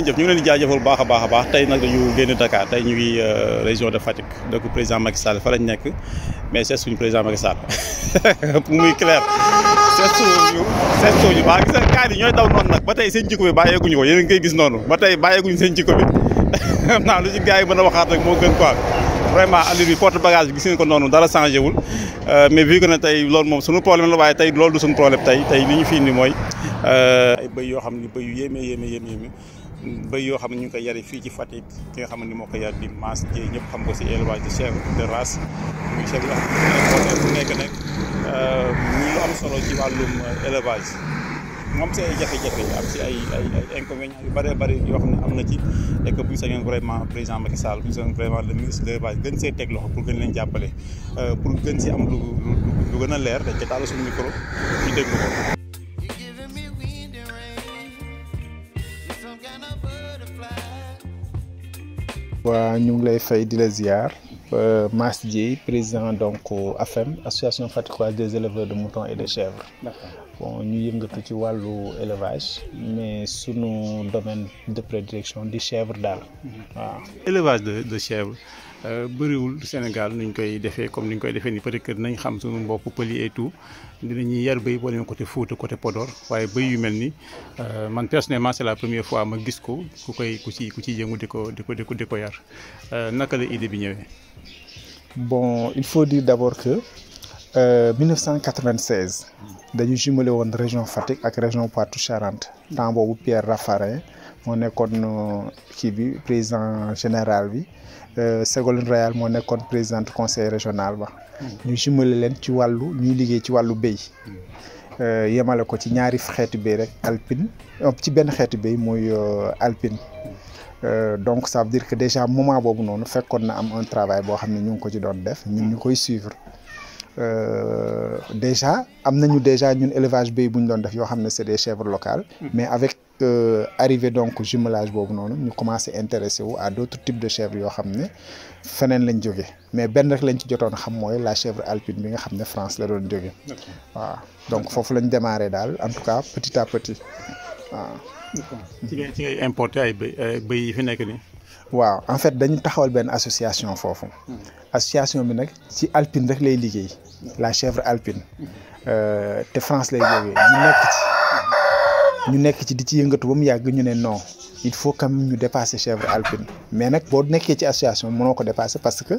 ngeen jëf ñu ngi leen di jaajëfal baax a baax a baax tey nag dañu génn Dakar tey ñu euh, région de Fatick dëkk président Macky Sall fa lañ nekk mais seet suñu président Macky Sall muy clair seet suñu seet suñu baax gis nga kaa yi ñooy daw noonu nag ba gis noonu ba tey bàyyeeguñu seen jikko bi naa lu ci gars yi mën a waxaat rek moo gën quoi vraiment allure bi porte bagage bi gis ko noonu dara changé wul euh, mais vu que ne tey loolu moom suñu problème la waaye tey lool du suñu problème tey tey li ñu fii indi mooy euh, ay bëy yoo xam ne bëy yu yéeme bëy yoo xam ne ñu ngi koy yari fii ci Fatick ki nga xam ne moo ko yar di Mass Dieye ñëpp xam ko si élevage de chèvre de race muy chèvre yoo bu nekk nag euh, muy lu am solo ci wàllum euh, élevage moom si ay jafe-jafe am si ay ay yu bëree bëri yoo am na ci et bu ñu sañoon président Macky Sall bu ñu sañoon vraiment le ministre gën see teg loxo pour gën leen jàppale euh, pour gën si am lu lu gën a leer dañ ca taal micro ñu déglu ko. Nous ñu fait lay fay di euh, Mass président donc AFEM association faticoise des éleveurs de moutons et de chèvres bon ñu yëngatu ci wàllu élevage mais nos domaine de prédilection des chèvres d'art. Mhm. élevage de de chèvre euh, bëriwul Sénégal nuñ koy defee comme niñ koy defee ni peut que xam suñu et tout dinañuy yar côté côté Podor waaye yu mel euh, man personnellement c'est la première fois ma gis ko ku koy ku ci ku yëngu naka idée bon il faut dire d'abord que euh, 1996 dañu jumelé woon région Fatick ak région Poitou-Charentes temps Pierre Raffarin mo suis euh, kii président général bi euh, Ségolène Royal moo nekkoon conseil régional ba hmm. ñu jumale leen ci wàllu ñuy liggéey ci wàllu béy hmm. euh, yemale ko ci ñaari rek alpine ci benn alpine donc ça veut dire que déjà moment boobu un travail boo nous ñu hmm. suivre euh, déjà am nañu déjà ñun élevage bay buñ doon def yo xamné c'est des chèvres locales. Mm. mais avec euh, arrivée donc jumelage bobu nonu ñu commencé intéressé wu à d'autres types de chèvres yo xamné fenen lañ jóge mais ben rek lañ ci jotone xam moy la chèvre alpine bi nga xamné France la doon jóge. waaw donc fofu lañ démarré dal en tout cas petit à petit waaw. ci ngay ci ngay importer ay bay yi fi nek ni waaw en fait dañu taxawal benn association foofu. Hmm. association bi nak, ci alpine rek lay liggéey. la chèvre alpine. De euh, France lay jógee ñu nekk ci. ñu nekk ci di ci yëngatu ba mu non il faut quand même ñu dépasser chèvre alpine mais nag boo nekkee ci association mënoo ko dépasser parce que.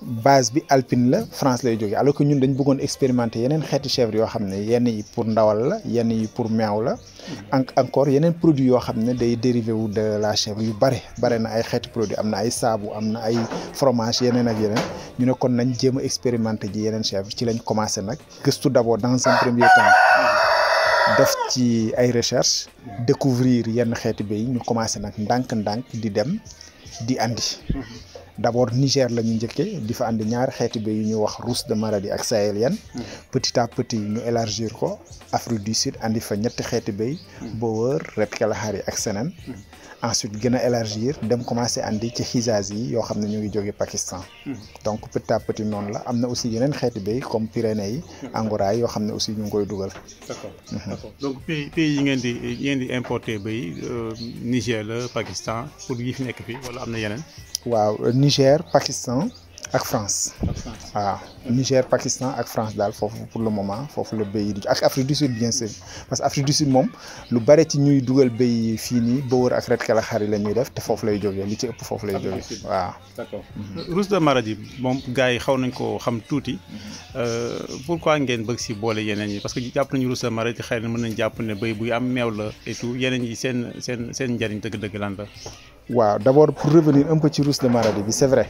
base bi alpine la France lay jóge alors que ñun dañ bëggoon expérimenter yeneen xeeti chèvre yoo xam ne yenn yi pour ndawal la yenn yi pour meew la encore yeneen produit yoo xam ne day dérivé wu de la chèvre yu bare bare na ay xeeti produit am na ay saabu am na ay fromage yeneen ak yeneen ñu ne kon nañ jéem a expérimenter ji yeneen chèvre ci lañ commencé nag gëstu d'abord dans un premier temps def ci ay recherche découvrir yenn xeeti béy ñu commencé nag ndànk-ndànk di dem di andi d'abord Niger la ñu njëkkee di fa andi ñaar xeeti bay ñu wax rousse de Maradi ak sahélienne petit à petit ñu élargir ko Afrique du Sud andi fa ñett xeeti bay boo rep kalahari ak senen ensuite gëna élargir dem commencé andi ci xisaas yi yoo xam ñu ngi joggé Pakistan donc petit à petit non la amna aussi yenen xeeti bay comme Pyrénées yi Angora yo xam aussi ñu ngi koy dugal d'accord mhm. d'accord donc pays pays yi ngeen di yi ngeen di importer béy euh, Niger la Pakistan pour yi fi nekk fii wala euh, Niger Pakistan et France. Niger Pakistan et France pour le moment foofu le pays. Afrique du Sud bien sûr parce que Afrique du Sud mom, lu ci ñuy pays fini. Il que la ñuy te d'accord mhm. rousse de Maradi gars xaw nañ ko xam mhm. euh, pourquoi ngeen bëgg parce que Japon, nañu de Maradi am et tout yi waaw d' abord pour revenir un peu ci rousse de Maradi bi c' est vrai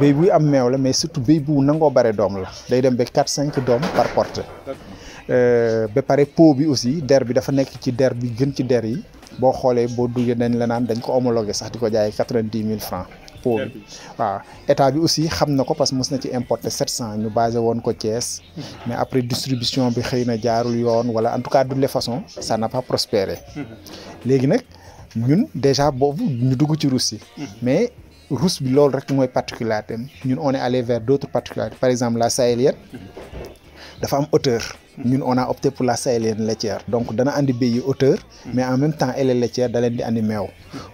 béy bu am meew la mais surtout béy bu nangoo bare doom la day dem ba 4 5 doom par porte euh, ba pare pot bi aussi der bi dafa nekk ci der bi gën ci der yi boo xoolee boo duggee dañ la naan dañ ko homologué sax di ko jaayee quatre pot bi waaw état bi aussi xam na ko parce que mos na ci importer 700 ñu basé woon ko Thiès. mais après distribution bi xëy na jaarul yoon wala en tout cas de façon ça n'a pas prospéré léegi nag ñun déjà boobu ñu dugg ci mhm. mais Russie bi loolu rek mooy particularité ñun on est allé vers d'autres particularités par exemple la sahélienne mhm. dafa am hauteur mhm. Nous, on a opté pour la sahélienne laitière donc dana andi béy hauteur mais en même temps elle est laitière da leen di andi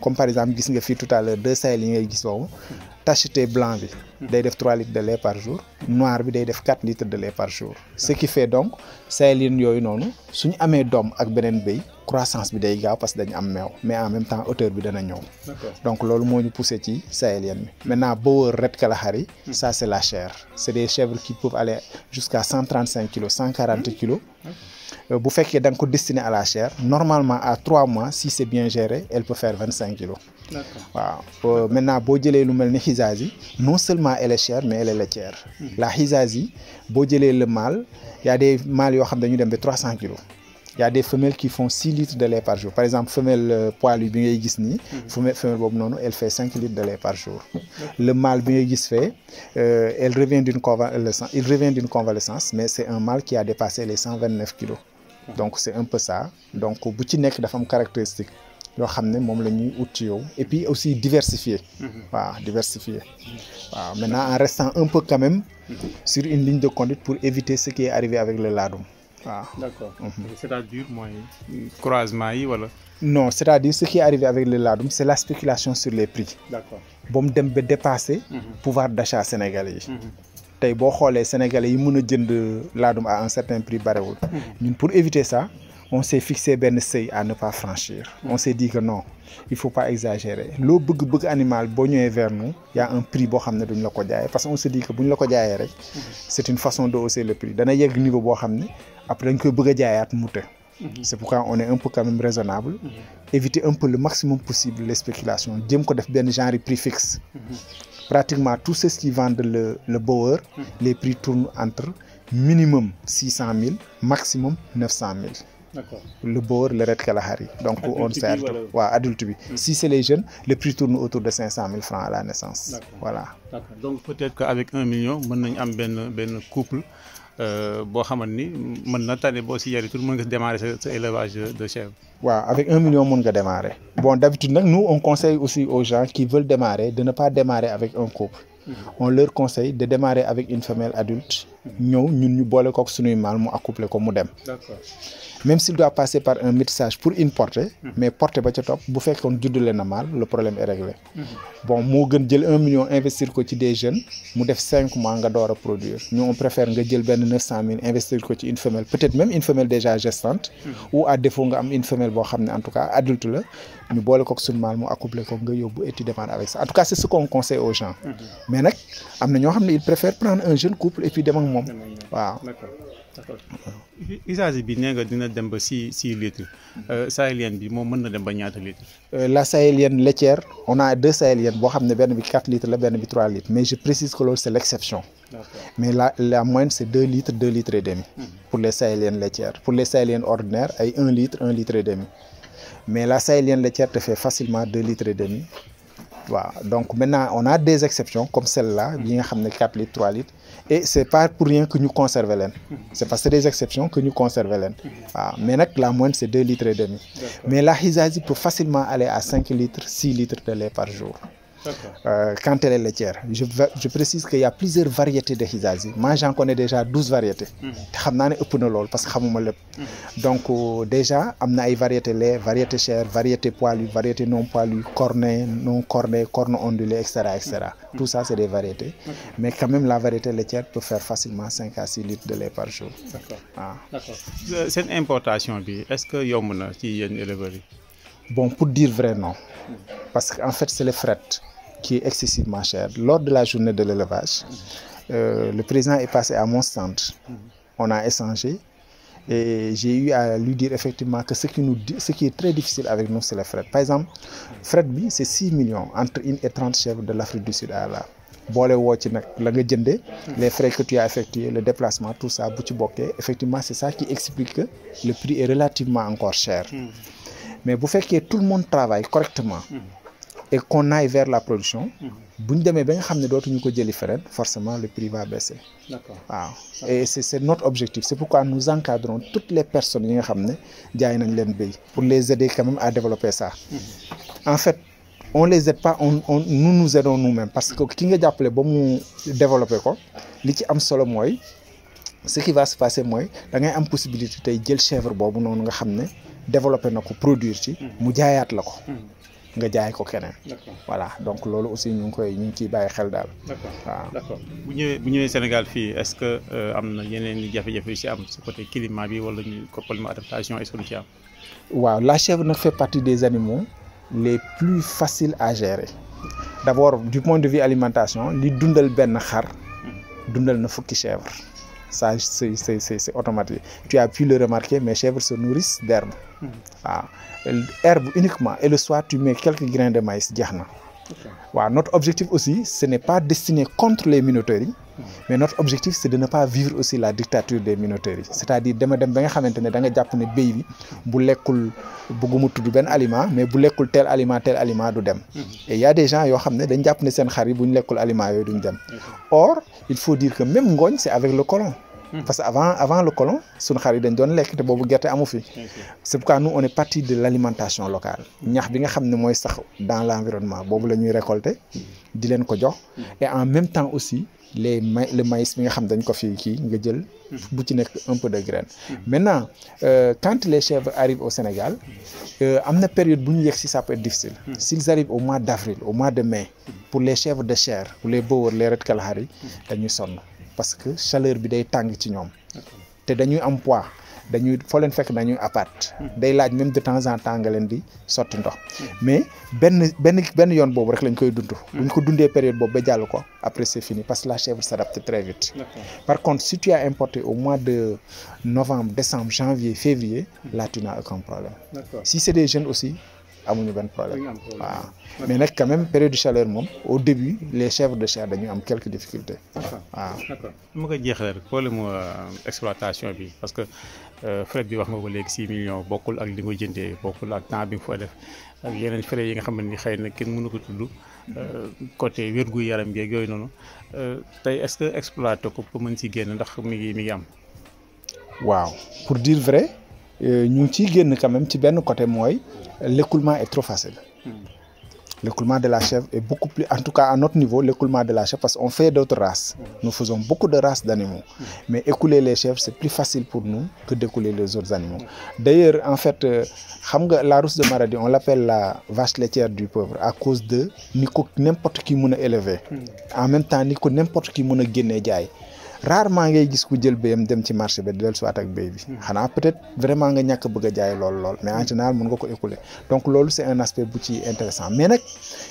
comme par exemple gis nga fii tout à l'heure deux sahéliens ngay tacheté blanc bi day def 3 litres de lait par jour noir bi day def 4 litres de lait par jour ce qui fait donc les yooyu noonu suñu amé dom ak benen croissance bi day gaaw parce que am mais en même temps hauteur bi dana ñëw donc lolu moñu qui ci sahélienne bi maintenant boer red kalahari ça c'est la chair c'est des chèvres qui peuvent aller jusqu'à 135 kg 140 kilos euh, bu fekkee da nga ko destiné à la chair normalement à trois mois si c'est bien géré elle peut faire 25 kg kilos. Euh, maintenant si jëlee lu une hizazi, non seulement elle est chère mais elle est laitière. Hmm. la hizazi, boo jëlee le mâle y a des mâles qui ont 300 dañu dem kilos. Il y a des femelles qui font 6 litres de lait par jour par exemple femelle euh, poilue mhm. femelle elle fait 5 litres de lait par jour. le mâle bi euh, elle revient d'une convalescence euh, il revient d'une convalescence mais c'est un mâle qui a dépassé les 129 kilos. donc c'est un peu ça donc au bout de la caractéristique. Le ramener, ne Il la et puis aussi diversifier. Mhm. diversifier. maintenant en restant un peu quand même. Mhm. sur une ligne de conduite pour éviter ce qui est arrivé avec le laadum. Ah. d'accord mhm. c'est-à-dire mooy croisement yi non c'est-à-dire ce qui est arrivé avec le ladoum, c'est la spéculation sur les prix. d'accord ba mu dem le pouvoir d'achat sénégalais yi. Mhm. tey boo les sénégalais yi mën a jënd à un certain prix mhm. ñun pour éviter ça. on s'est fixé un seuil à ne pas franchir. on s'est dit que non il faut pas exagérer Le bëgg-bëgg animal boo ñëwee vers nous y a un prix boo xam ne duñ la ko parce qu'on se dit que buñ la ko c'est une façon de hausser le prix dana yegg niveau boo après on a mhm. c'est pourquoi on est un peu quand même raisonnable mhm. éviter un peu le maximum possible les spéculations jéem ko def bien genre prix fixe mhm. pratiquement tous ceux qui vendent le le les prix tournent entre minimum 600 000 maximum 900 000 le bord le Red Kalahari donc on sert à adulte si c'est les jeunes les prix tournent autour de 500 000 francs à la naissance voilà donc peut-être qu'avec un million on nañ un couple euh, tout le de chèvres. wa avec un million de nga démarrer. bon d'habitude nous on conseille aussi aux gens qui veulent démarrer de ne pas démarrer avec un couple. Mm-hmm. on leur conseille de démarrer avec une femelle adulte nous ñun ñu boole ak suñuy mal mu accouplé ko mu dem même s'il doit passer par un message pour une portée mhm. mais portée ba ca top bu fekkoon juddale na mal le problème est réglé mhm. bon moo gën jël un million investir ko ci des jeunes mu def 5 mois nga door a produire ñu on préfère nga jël benn 900000 investir ko une femelle peut-être même une femelle déjà gestante mhm. ou à défaut nga une femelle boo xam en tout cas adulte la ñu boole kook suñu mal mu accouplé ko nga yóbbu et tu avec ça en tout cas c'est ce qu'on conseille aux gens mais nag am na ñoo ils préfèrent prendre un jeune couple et puis dem ah, D'accord. D'accord. Il euh, euh, La sahélienne, La laitière, on a deux sahéliennes. Il a 4 litres, il y a 3 litres. Mais je précise que c'est l'exception. Mais la moindre, c'est 2 litres, 2 litres et demi hmm. pour les sahéliennes laitières. Pour les sahéliennes ordinaires, il 1 litre, 1 litre et demi. Mais la sahélienne laitière te fait facilement 2 litres et demi. Donc maintenant, on a des exceptions comme celle-là, bien mm. 4 litres, 3 litres. Et n'est pas pour rien que nous conservons l'aine. C'est parce que des exceptions que nous conservons l'aine. Mm-hmm. Maintenant que la moindre, c'est 2 litres et demi. Mais la hizazi peut facilement aller à 5 litres, 6 litres de lait par jour. Euh, quand elle est laitière. Je, je précise qu'il y a plusieurs variétés de hizazi. Moi, j'en connais déjà 12 variétés. Je mhm. parce que je sais mhm. Donc, euh, déjà, il y a des variétés lait, variétés chair, variétés poilues, variétés non poilues, cornées, non cornées, cornes ondulées, etc. etc. Mhm. Tout ça, c'est des variétés. Mais quand même, la variété laitière peut faire facilement 5 à 6 litres de lait par jour. D'accord. Ah. Cette euh, importation, est-ce que vous avez un éleveur Bon, pour dire vrai, non. Parce qu'en fait, c'est le fret qui est excessivement cher. Lors de la journée de l'élevage, euh, le président est passé à mon centre. On a échangé et j'ai eu à lui dire effectivement que ce qui, est très difficile avec nous, c'est le fret. Par exemple, fret, c'est 6 millions entre une et 30 chèvres de l'Afrique du Sud à là. les frais que tu as effectués le déplacement tout ça effectivement c'est ça qui explique que le prix est relativement encore cher mais bu que tout le monde travaille correctement. Mm-hmm. et qu'on aille vers la production. si mm-hmm. on forcément le prix va baisser. et c'est notre objectif c'est pourquoi nous encadrons toutes les personnes qui pour les aider quand même à développer ça. Mm-hmm. en fait on les aide pas nous nous aidons nous-mêmes parce que ki nga développer ce qui va se passer qu'il da a am possibilité de jël chèvre développer, nako produire ci. Hmm. mu la hmm. voilà donc aussi ñu koy ñu d'accord bu bu Sénégal est-ce que euh, yeneen climat adaptation la chèvre fait partie des animaux les plus faciles à gérer d'abord du point de vue alimentation li dundal benn xar hmm. dundal na fukki chèvre ça c'est automatique tu as pu le remarquer mes chèvres se nourrissent d'herbe hmm. ah, herbe uniquement et le soir tu mets quelques grains de maïs notre objectif aussi ce n'est pas destiné contre les minoteries, mais notre objectif c'est de ne pas vivre aussi la dictature des minoteries. c'est-à-dire dama dem ba nga xamante ne da nga jàpp ne béy bi bu lekkul bëgguma tudd benn aliment mais bu lekkul tel aliment tel aliment du dem et y a des gens qui ont ne dañ jàpp ne seen xar yi bu aliment duñ or il faut dire que même ngooñ c'est avec le colon Hmm. parce qu'avant avant le colon suñu xar yi dañ doon lekk te boobu gerte amu c'est pourquoi nous on est parti de l'alimentation locale. ñax bi nga xam ne sax dans l'environnement bobu la récolter. di len ko jox. Hmm. et en même temps aussi les le maïs bi nga xam dañ ko fi ki nga jël. Hmm. bu ci un peu de graines. maintenant euh, quand les chèvres arrivent au Sénégal. euh, une période buñu ci ça peut être difficile. s'ils arrivent au mois d'avril au mois de mai. pour les chèvres de chair pour les bowers les red kalahari dañuy sonn parce que chaleur bi day tang ci ñom té dañuy am poids dañuy fo leen fekk dañuy appart hmm. day laaj même de temps en temps nga leen di sotti ndox. Hmm. mais benn benn benn yoon boobu rek lañ koy dund. Hmm. buñ ko période boobu ba ko après c'est fini parce que la chèvre s'adapte très vite. par contre si tu as importé au mois de novembre décembre janvier février. là tu n'as aucun problème. si c'est des jeunes aussi amuñu ben problème waaw mais nak quand même période de chaleur mom au début les chèvres de chair dañu am quelques difficultés. d'accord ma ko jeexalee rek problème euh, exploitation bi parce que euh frais bi wax nga ko légui 6 millions bokul ak li nga jëndé bokul ak temps bi fo def ak yeneen frais yi nga xamanteni xeyna xëy kenn mënu ko tudd. Euh, côté wergu yaram bi ak yoy yooyu euh tay est-ce que exploité ko pour mën ci génn ndax mi ngi mi ngi am. waaw pour dire vrai. Euh, nous avons quand même ci côté moy. l'écoulement est trop facile. Hmm. l'écoulement de la chèvre est beaucoup plus, en tout cas à notre niveau, l'écoulement de la chèvre, parce qu'on fait d'autres races. Hmm. Nous faisons beaucoup de races d'animaux. Hmm. Mais écouler les chèvres, c'est plus facile pour nous que d'écouler les autres animaux. D'ailleurs, en fait, euh, la rousse de Maradi, on l'appelle la vache laitière du pauvre, à cause de n'importe qui m'a élevé. En même temps, n'importe qui m'a gagné rarement ngay gis ku jël béyam dem ci marché bi le soit ak béy bi a peut-être vraiment nga ñàkk bëgg a jaay lool lool mais en général ne nga ko donc c'est un aspect bu intéressant mais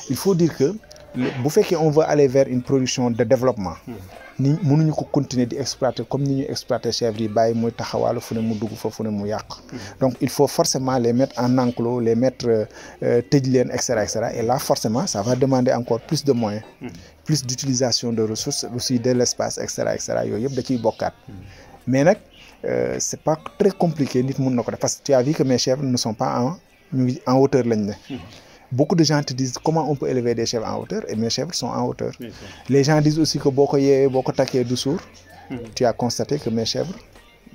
il faut dire que bu on veut aller vers une production de développement hmm ni mënuñu ko continuer di exploiter comme nous exploitons exploiter chèvre yi bàyyi muy taxawaalu fu ne mu mhm. donc il faut forcément les mettre en enclos les mettre euh, tëj leen etc. et là forcément ça va demander encore plus de moyens mhm. plus d'utilisation de ressources aussi de l'espace etc. cetera da ciy bokkaat mhm. mais nag euh, c'est pas très compliqué nit parce que tu as vu que mes chèvres ne sont pas en hauteur lañ beaucoup de gens te disent comment on peut élever des chèvres en hauteur et mes chèvres sont en hauteur. les gens disent aussi que beaucoup beaucoup taqué du hmm. Tu as constaté que mes chèvres,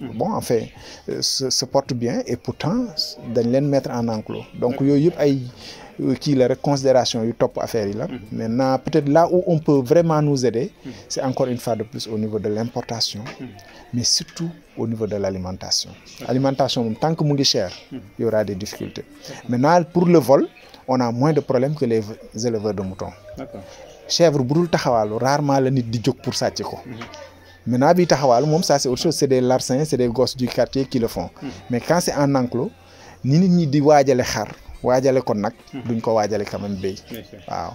hmm. bon, en fait, euh, se, portent bien et pourtant, de les mettre en enclos. Donc, il y a qui la considération du top affaire là. Hmm. Maintenant, peut-être là où on peut vraiment nous aider, c'est encore une fois de plus au niveau de l'importation, mais surtout au niveau de l'alimentation. Alimentation, tant que mon cher, il y aura des difficultés. Maintenant, pour le vol, on a moins de problèmes que les éleveurs de moutons. chèvre brûle dul taxawaalu rarement la nit di pour ça. ko. Mhm. maintenant bi taxawaalu ça c'est autre chose c'est des larcins c'est des gosses du quartier qui le font. Mhm. mais quand c'est en enclos ni nit ni di waajale khar wajale ko nak mhm. duñ ko wajale quand même béy. waaw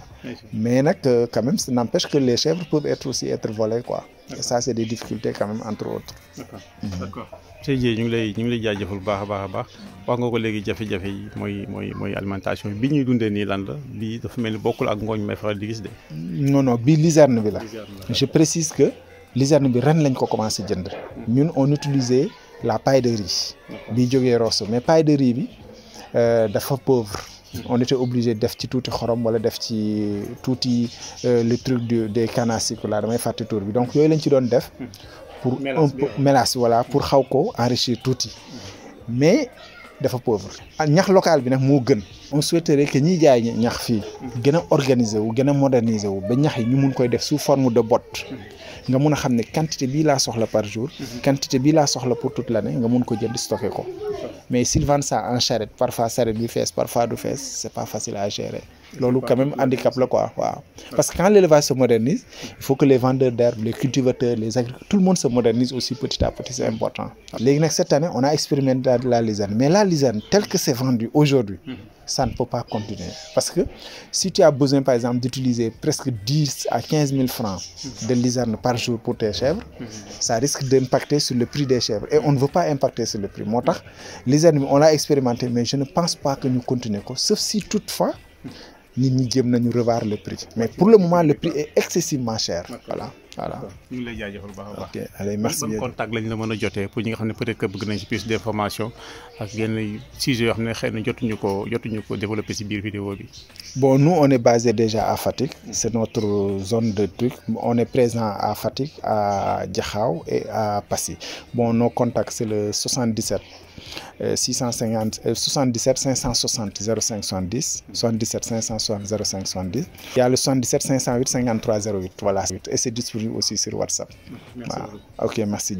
mais nak euh, quand même ça n'empêche que les chèvres peuvent être aussi être volées quoi. et ça c'est des difficultés quand même entre autres. d'accord mhm. d'accord Cheikh ñu ngi lay ñu ngi lay jaajëfal baax a baax baax wax nga ko légui jafé jafé moy moy moy alimentation bi ñuy dundé ni lan la bii dafa melni ni bokkul ak ngogn may faral di gis dé non non bi liserne bi la. je précise que liserne bi ren lañ ko commencé jënd. Mhm. ñun on utilisait la paille de riz. bi jógee Rosso mais paille de riz bi. Euh, dafa pauvre on était obligé def ci tuuti xorom wala def ci touti euh, le truc du des cannes à sucre là damay fàtte tur bi donc yoy lañ ci doon def pour un voilà pour xaw ko enrichir touti, mais dafa pauvre ah, ñax local bi nak mo gën on souhaiterait que ñi jaay ñax fi gëna organiser wu gëna moderniser wu ba ñax yi ñu mun koy def sous forme de botte nga mun a xam ne quantité bii laa soxla par jour. Mhm. quantité bii laa soxla pour toute l'année nga ne ko jënd stocké ko. mais s'il vend ça en charrette parfois charrette bi fees parfois du fees c'est pas facile à gérer lolu quand même handicap quoi parce que quand l'élevage se modernise il faut que les vendeurs d'herbes les cultivateurs les agriculteurs tout le monde se modernise aussi petit à petit c'est important cette année on a expérimenté la lisane mais la lisane telle que c'est vendue aujourd'hui mhm. ça ne peut pas continuer parce que si tu as besoin par exemple d'utiliser presque 10 à 15 000 francs mhm. de lisane par jour pour tes chèvres mhm. ça risque d'impacter sur le prix des chèvres et on ne veut pas impacter sur le prix Les Les lisane on l'a expérimenté mais je ne pense pas que nous continuerons. sauf si toutefois nit ñi jéem nañu revoir le prix mais pour le moment le prix est excessivement cher voilà voilà ñu ngi lay jaajëfal baax a baax. ok allez merci ban contact lañ la mën a jotee pour ñi nga xam ne peut-être que bëgg nañ ci plus d'information ak yenn sujets yoo xam ne xëy na jotuñu ko jotuñu ko développer ci biir vidéo bi. bon nous on est basé déjà à Fatick. c'est notre zone de truc on est présent à Fatick à Diakhao et à Passy bon nos contacts c'est le 77. 650 77 560 05 77 560 0570 70 il a le 77 508 53 08 voilà et c'est disponible aussi sur WhatsApp ok merci